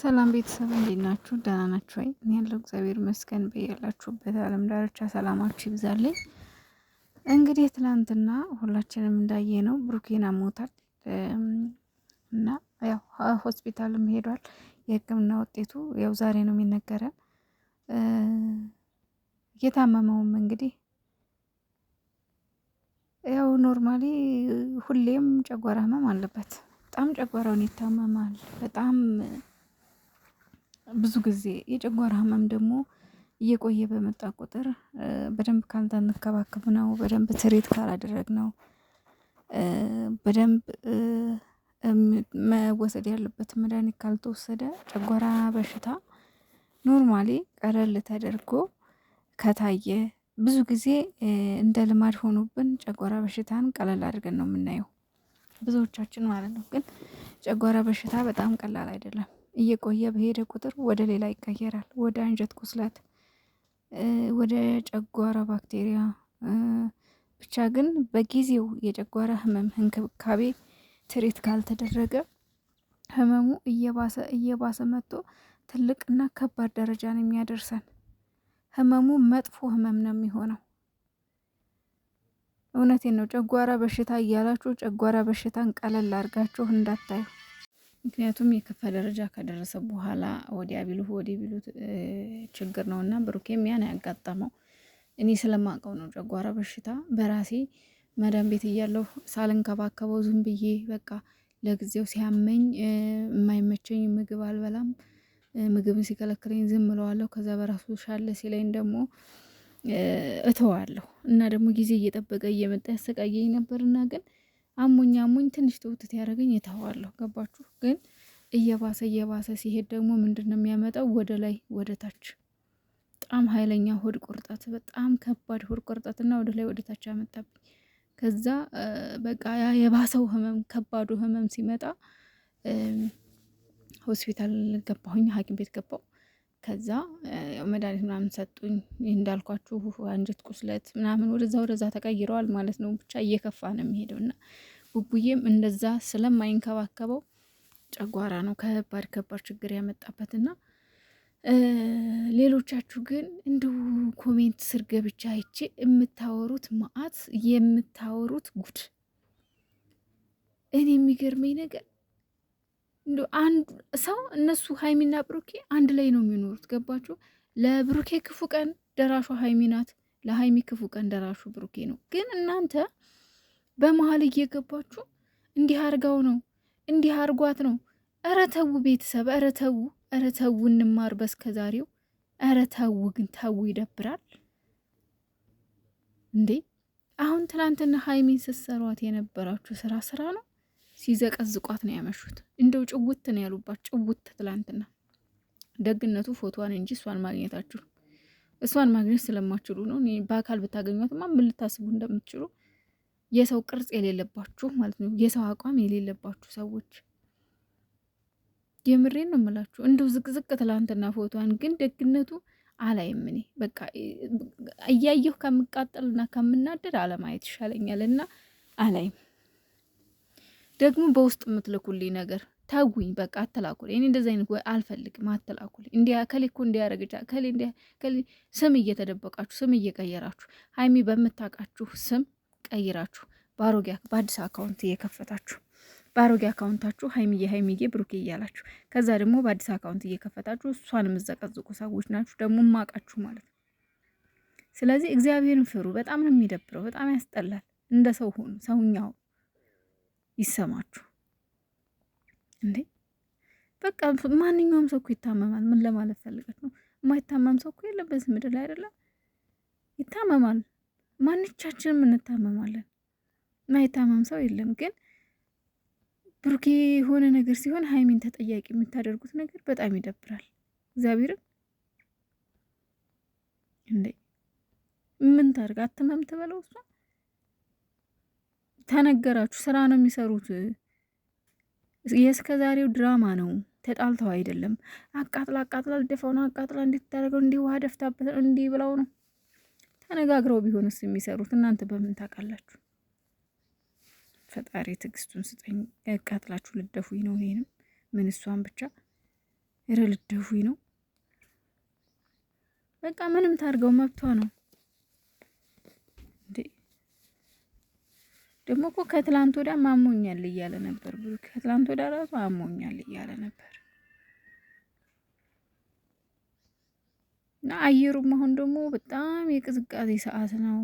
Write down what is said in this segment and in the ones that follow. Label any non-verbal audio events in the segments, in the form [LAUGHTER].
ሰላም ቤተሰብ እንዴት ናችሁ? ደህና ናችሁ ወይ? እኔ ያለው እግዚአብሔር መስገን በያላችሁበት ዓለም ዳርቻ ሰላማችሁ ይብዛልኝ። እንግዲህ ትላንትና ሁላችንም እንዳየ ነው ብሩኬና ሞታል እና ያው ሆስፒታልም ሄዷል። የህክምና ውጤቱ ያው ዛሬ ነው የሚነገረን። የታመመውም እንግዲህ ያው ኖርማሊ ሁሌም ጨጓራ ህመም አለበት። በጣም ጨጓራውን ይታመማል በጣም ብዙ ጊዜ የጨጓራ ህመም ደግሞ እየቆየ በመጣ ቁጥር በደንብ ካልተንከባከብ ነው፣ በደንብ ትሬት ካላደረግ ነው፣ በደንብ መወሰድ ያለበት መድኃኒት ካልተወሰደ ጨጓራ በሽታ ኖርማሊ ቀለል ተደርጎ ከታየ ብዙ ጊዜ እንደ ልማድ ሆኖብን ጨጓራ በሽታን ቀለል አድርገን ነው የምናየው ብዙዎቻችን ማለት ነው። ግን ጨጓራ በሽታ በጣም ቀላል አይደለም። እየቆየ በሄደ ቁጥር ወደ ሌላ ይቀየራል። ወደ አንጀት ቁስለት፣ ወደ ጨጓራ ባክቴሪያ ብቻ ግን በጊዜው የጨጓራ ህመም እንክብካቤ ትሬት ካልተደረገ ህመሙ እየባሰ እየባሰ መጥቶ ትልቅና ከባድ ደረጃ ነው የሚያደርሰን። ህመሙ መጥፎ ህመም ነው የሚሆነው። እውነቴን ነው። ጨጓራ በሽታ እያላችሁ ጨጓራ በሽታን ቀለል አድርጋችሁ እንዳታዩ። ምክንያቱም የከፋ ደረጃ ከደረሰ በኋላ ወዲያ ቢሉህ ወዲህ ቢሉት ችግር ነው እና ብሩኬም ያን ያጋጠመው እኔ ስለማውቀው ነው። ጨጓራ በሽታ በራሴ መዳን ቤት እያለሁ ሳልንከባከበው ዝም ብዬ በቃ ለጊዜው ሲያመኝ የማይመቸኝ ምግብ አልበላም። ምግብን ሲከለክለኝ ዝም ብለዋለሁ። ከዛ በራሱ ሻለ ሲለኝ ደግሞ እተዋለሁ እና ደግሞ ጊዜ እየጠበቀ እየመጣ ያሰቃየኝ ነበርና ግን አሞኝ አሞኝ ትንሽ ትውትት ያደረገኝ የተዋለሁ። ገባችሁ? ግን እየባሰ እየባሰ ሲሄድ ደግሞ ምንድን ነው የሚያመጣው? ወደ ላይ ወደ ታች በጣም ኃይለኛ ሆድ ቁርጠት፣ በጣም ከባድ ሆድ ቁርጠት እና ወደ ላይ ወደ ታች ያመጣብኝ። ከዛ በቃ ያ የባሰው ህመም ከባዱ ህመም ሲመጣ ሆስፒታል ገባሁኝ፣ ሐኪም ቤት ገባው። ከዛ መድኃኒት ምናምን ሰጡኝ። እንዳልኳችሁ አንጀት ቁስለት ምናምን ወደዛ ወደዛ ተቀይረዋል ማለት ነው። ብቻ እየከፋ ነው የሚሄደው እና ቡቡዬም እንደዛ ስለማይንከባከበው ጨጓራ ነው ከባድ ከባድ ችግር ያመጣበት እና ሌሎቻችሁ ግን እንዲሁ ኮሜንት ስር ገብቻ አይቼ የምታወሩት ማአት የምታወሩት ጉድ እኔ የሚገርመኝ ነገር እንዲ አንድ ሰው እነሱ ሀይሚና ብሩኬ አንድ ላይ ነው የሚኖሩት። ገባችሁ? ለብሩኬ ክፉ ቀን ደራሹ ሀይሚ ናት፣ ለሀይሚ ክፉ ቀን ደራሹ ብሩኬ ነው። ግን እናንተ በመሀል እየገባችሁ እንዲህ አርጋው ነው እንዲህ አርጓት ነው። እረ ተዉ ቤተሰብ፣ እረ ተዉ፣ እረ ተዉ እንማር በስከ ዛሬው። እረ ተዉ ግን ተዉ፣ ይደብራል እንዴ! አሁን ትናንትና ሀይሚን ስትሰሯት የነበራችሁ ስራ ስራ ነው። ሲዘቀዝቋት ነው ያመሹት። እንደው ጭውት ነው ያሉባት፣ ጭውት ትላንትና። ደግነቱ ፎቶዋን እንጂ እሷን ማግኘታችሁ እሷን ማግኘት ስለማችሉ ነው። በአካል ብታገኟትማ ምን ልታስቡ እንደምትችሉ የሰው ቅርጽ የሌለባችሁ ማለት ነው። የሰው አቋም የሌለባችሁ ሰዎች የምሬን ነው የምላችሁ። እንደው ዝቅዝቅ ትላንትና ፎቶዋን ግን ደግነቱ አላይም። እኔ በቃ እያየሁ ከምቃጠልና ከምናደድ አለማየት ይሻለኛል እና አላይም። ደግሞ በውስጥ የምትልኩልኝ ነገር ተጉኝ በቃ አተላኩል። እኔ እንደዚህ አይነት አልፈልግም። አተላኩል እንዲ ከሌ እኮ እንዲያረግጫ ከሌ ስም እየተደበቃችሁ ስም እየቀየራችሁ ሀይሚ በምታውቃችሁ ስም ቀይራችሁ በአሮጌ በአዲስ አካውንት እየከፈታችሁ በአሮጌ አካውንታችሁ ሀይሚዬ ሀይሚዬ ብሩኬ እያላችሁ ከዛ ደግሞ በአዲስ አካውንት እየከፈታችሁ እሷን የምዘቀዝቁ ሰዎች ናችሁ። ደግሞ ማቃችሁ ማለት ነው። ስለዚህ እግዚአብሔርን ፍሩ። በጣም ነው የሚደብረው። በጣም ያስጠላል። እንደ ሰው ሆኑ። ሰውኛው ይሰማችሁ እንዴ? በቃ ማንኛውም ሰው እኮ ይታመማል። ምን ለማለት ፈልገት ነው? የማይታመም ሰው እኮ የለም በዚህ ምድር ላይ አይደለም። ይታመማል። ማንቻችንም እንታመማለን። የማይታመም ሰው የለም። ግን ብሩኬ የሆነ ነገር ሲሆን ሀይሚን ተጠያቂ የምታደርጉት ነገር በጣም ይደብራል። እግዚአብሔርን እንዴ ምን ታርግ? አትመም ትበለው እሷ ተነገራችሁ። ስራ ነው የሚሰሩት። የእስከ ዛሬው ድራማ ነው። ተጣልተው አይደለም። አቃጥላ አቃጥላ ልደፋው ነው። አቃጥላ እንድታደርገው እንዲህ ውሃ ደፍታበት እንዲህ ብለው ነው ተነጋግረው ቢሆንስ የሚሰሩት። እናንተ በምን ታውቃላችሁ? ፈጣሪ ትዕግስቱን ስጠኝ። ያቃጥላችሁ ልደፉኝ ነው። ይሄንም ምን እሷን ብቻ ረ ልደፉኝ ነው። በቃ ምንም ታድርገው መብቷ ነው። ደግሞ እኮ ከትላንት ወዳ ማሞኛል እያለ ነበር ብሩ ከትላንት ወዳ ራሱ አሞኛል እያለ ነበር እና አየሩም አሁን ደግሞ በጣም የቅዝቃዜ ሰዓት ነው፣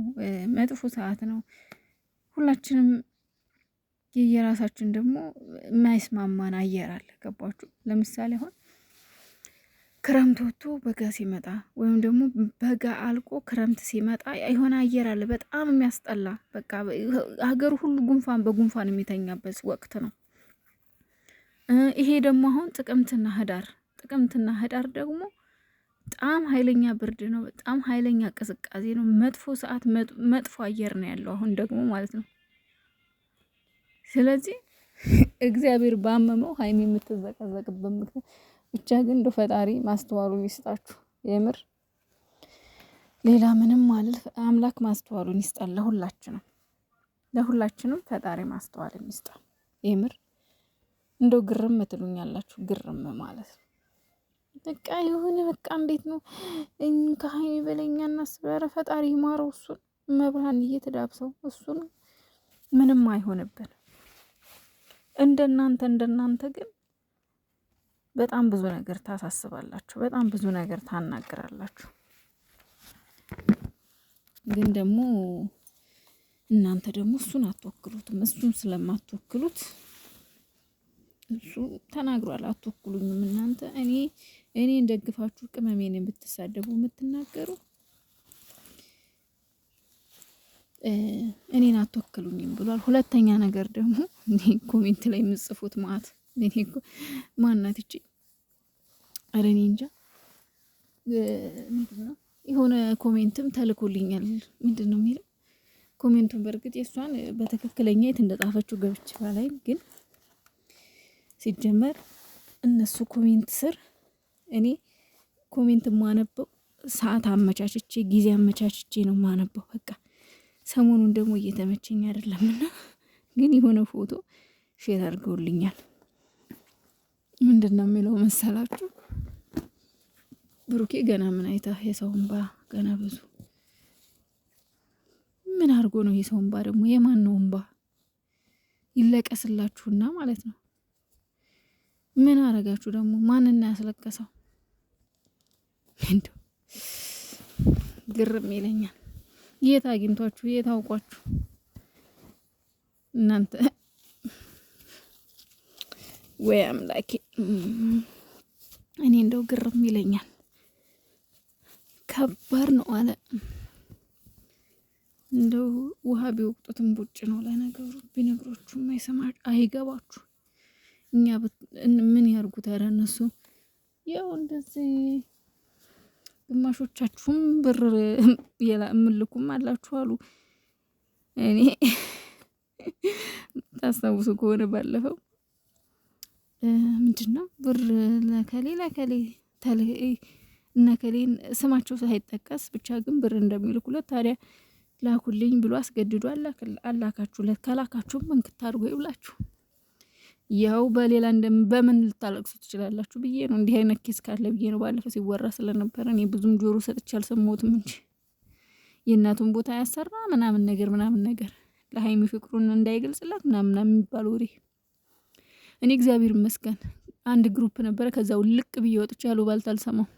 መጥፎ ሰዓት ነው። ሁላችንም የየራሳችን ደግሞ የማይስማማን አየር አለ። ገባችሁ? ለምሳሌ አሁን ክረምት ወጥቶ በጋ ሲመጣ ወይም ደግሞ በጋ አልቆ ክረምት ሲመጣ የሆነ አየር አለ፣ በጣም የሚያስጠላ በቃ ሀገሩ ሁሉ ጉንፋን በጉንፋን የሚተኛበት ወቅት ነው። ይሄ ደግሞ አሁን ጥቅምትና ህዳር ጥቅምትና ህዳር ደግሞ በጣም ኃይለኛ ብርድ ነው። በጣም ኃይለኛ ቅዝቃዜ ነው። መጥፎ ሰዓት፣ መጥፎ አየር ነው ያለው አሁን ደግሞ ማለት ነው። ስለዚህ እግዚአብሔር ባመመው ሀይሚ የምትዘቀዘቅበት ምክንያት ብቻ ግን እንደ ፈጣሪ ማስተዋሉን ይስጣችሁ። የምር ሌላ ምንም ማለት አምላክ ማስተዋሉን ይስጣል። ለሁላችንም ለሁላችንም ፈጣሪ ማስተዋልን ይስጣል። የምር እንደው ግርም ትሉኛላችሁ። ግርም ማለት በቃ የሆነ በቃ እንዴት ነው ከሀይሚ በለኛ እናስበረ ፈጣሪ ይማረው። እሱን መብርሃን እየተዳብሰው እሱን ምንም አይሆንብን። እንደናንተ እንደናንተ ግን በጣም ብዙ ነገር ታሳስባላችሁ፣ በጣም ብዙ ነገር ታናግራላችሁ። ግን ደግሞ እናንተ ደግሞ እሱን አትወክሉትም። እሱን ስለማትወክሉት እሱ ተናግሯል። አትወክሉኝም እናንተ እኔ እኔ እንደግፋችሁ ቅመሜን የምትሳደቡ የምትናገሩ እኔን አትወክሉኝም ብሏል። ሁለተኛ ነገር ደግሞ ኮሜንት ላይ የምጽፉት ማአት እኔ እኮ ማናት እቺ? ኧረ እኔ እንጃ። ምንድን ነው የሆነ ኮሜንትም ተልኮልኛል። ምንድን ነው የሚለው ኮሜንቱን? በእርግጥ የእሷን በትክክለኛ የት እንደጣፈችው ገብች ባላይ፣ ግን ሲጀመር እነሱ ኮሜንት ስር እኔ ኮሜንት ማነበው ሰዓት አመቻችቼ ጊዜ አመቻችቼ ነው ማነበው በቃ ሰሞኑን ደግሞ እየተመቸኝ አይደለምና፣ ግን የሆነ ፎቶ ሼር አድርገውልኛል። ምንድን ነው የሚለው መሰላችሁ? ብሩኬ ገና ምን አይታ የሰው እንባ ገና ብዙ ምን አድርጎ ነው የሰው እንባ ደግሞ የማን ነው እንባ? ይለቀስላችሁና ማለት ነው። ምን አረጋችሁ ደግሞ? ማንና ያስለቀሰው? እንደው ግርም ይለኛል። የት አግኝቷችሁ? የት አውቋችሁ እናንተ ወይ አምላኬ፣ mm-hmm. እኔ እንደው ግርም ይለኛል። ከባድ ነው አለ እንደው ውሃ ቢወቅጡትም ቡጭ ነው። ለነገሩ ቢነግሮቹ የማይሰማ አይገባችሁ። እኛ ምን ያርጉት? ኧረ እነሱ ያው እንደዚህ ግማሾቻችሁም ብር የምልኩም አላችሁ አሉ። እኔ [LAUGHS] ታስታውሱ ከሆነ ባለፈው ምንድነው ብር ለከሌ ለከሌ እነከሌን ስማቸው ሳይጠቀስ ብቻ ግን ብር እንደሚልኩለት ታዲያ ላኩልኝ ብሎ አስገድዶ አላካችሁለት። ከላካችሁም እንክት አድርጎ ይብላችሁ። ያው በሌላ በምን ልታለቅሱ ትችላላችሁ ብዬ ነው። እንዲህ አይነት ኬስ ካለ ብዬ ነው። ባለፈ ሲወራ ስለነበረ እኔ ብዙም ጆሮ ሰጥቼ አልሰማሁትም እንጂ የእናቱን ቦታ ያሰራ ምናምን ነገር ምናምን ነገር ለሀይሚ ፍቅሩን እንዳይገልጽላት ምናምን የሚባል ወሬ እኔ እግዚአብሔር ይመስገን አንድ ግሩፕ ነበረ። ከዛ ውልቅ ብዬ ወጥቻለሁ። ባልታልሰማው